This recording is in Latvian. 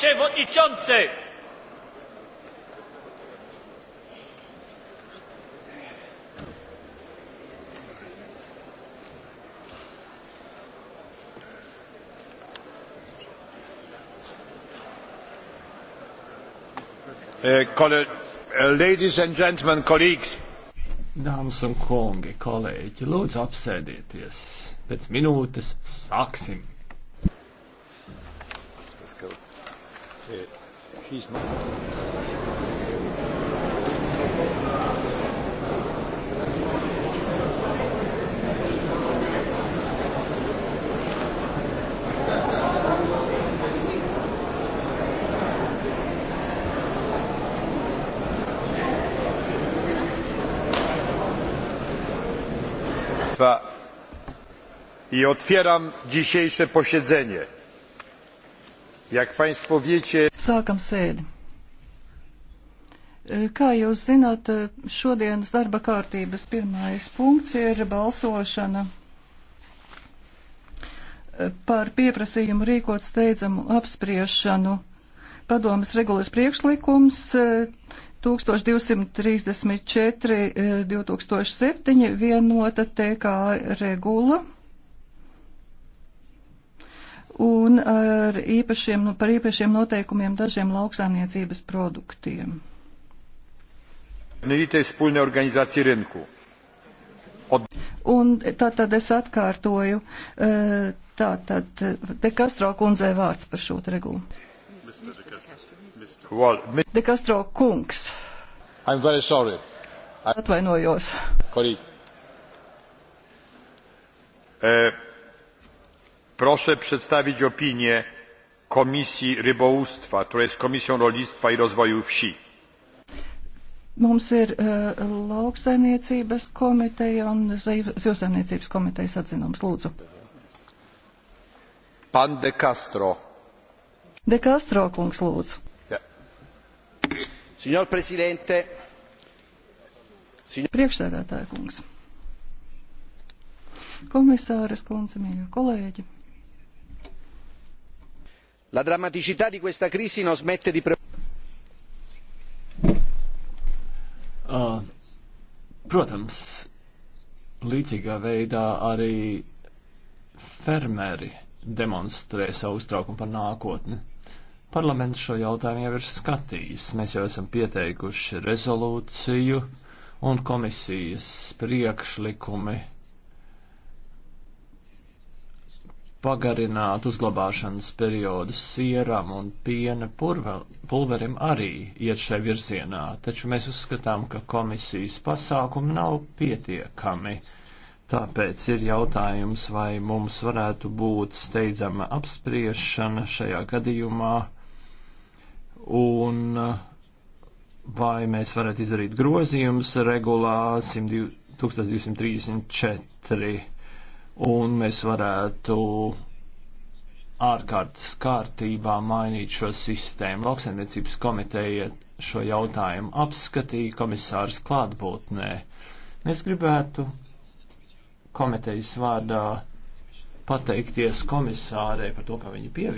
przewodniczący! E, e, ladies and gentlemen, colleagues. Dāmas un kungi, kolēģi, lūdzu apsēdieties. Pēc minūtes sāksim. it. He's not. i otwieram dzisiejsze posiedzenie. Jak państwo wiecie... Sākam sēdi. E, kā jūs zināt, e, šodienas darba kārtības pirmais punkts ir balsošana e, par pieprasījumu rīkot steidzamu apspriešanu. Padomas regulas priekšlikums 1234 2007 vienota TK regula un ar īpašiem, nu, par īpašiem noteikumiem dažiem lauksaimniecības produktiem. Un tātad es atkārtoju, e, tātad te Kastro kundzē vārds par šo regulu. De Kastro kungs. I'm very sorry. I... Atvainojos. Korīgi. Uh, e, Proszę przedstawić opinię Komisji Rybołówstwa, która jest Komisją Rolnictwa i Rozwoju Wsi. Mums ir uh, lauksaimniecības komiteja un zivsaimniecības komitejas atzinums. Lūdzu. Pan De Castro. De Castro kungs lūdzu. Ja. Signor Presidente. Signor... Priekšsēdētāja kungs. Komisāres kundze, mīļa kolēģi la drammaticità di questa crisi non smette di. Uh, protams, līdzīgā veidā arī fermeri demonstrē savu uztraukumu par nākotni. Parlaments šo jautājumu jau ir skatījis. Mēs jau esam pieteikuši rezolūciju un komisijas priekšlikumi pagarināt uzglabāšanas periodus sieram un piena pulverim arī iet šai virzienā, taču mēs uzskatām, ka komisijas pasākumi nav pietiekami. Tāpēc ir jautājums, vai mums varētu būt steidzama apspriešana šajā gadījumā, un uh, vai mēs varētu izdarīt grozījumus regulā 1234 un mēs varētu ārkārtas kārtībā mainīt šo sistēmu. Lauksaimniecības komiteja šo jautājumu apskatīja komisārs klātbūtnē. Mēs gribētu komitejas vārdā pateikties komisārei par to, ka viņa pievienojās.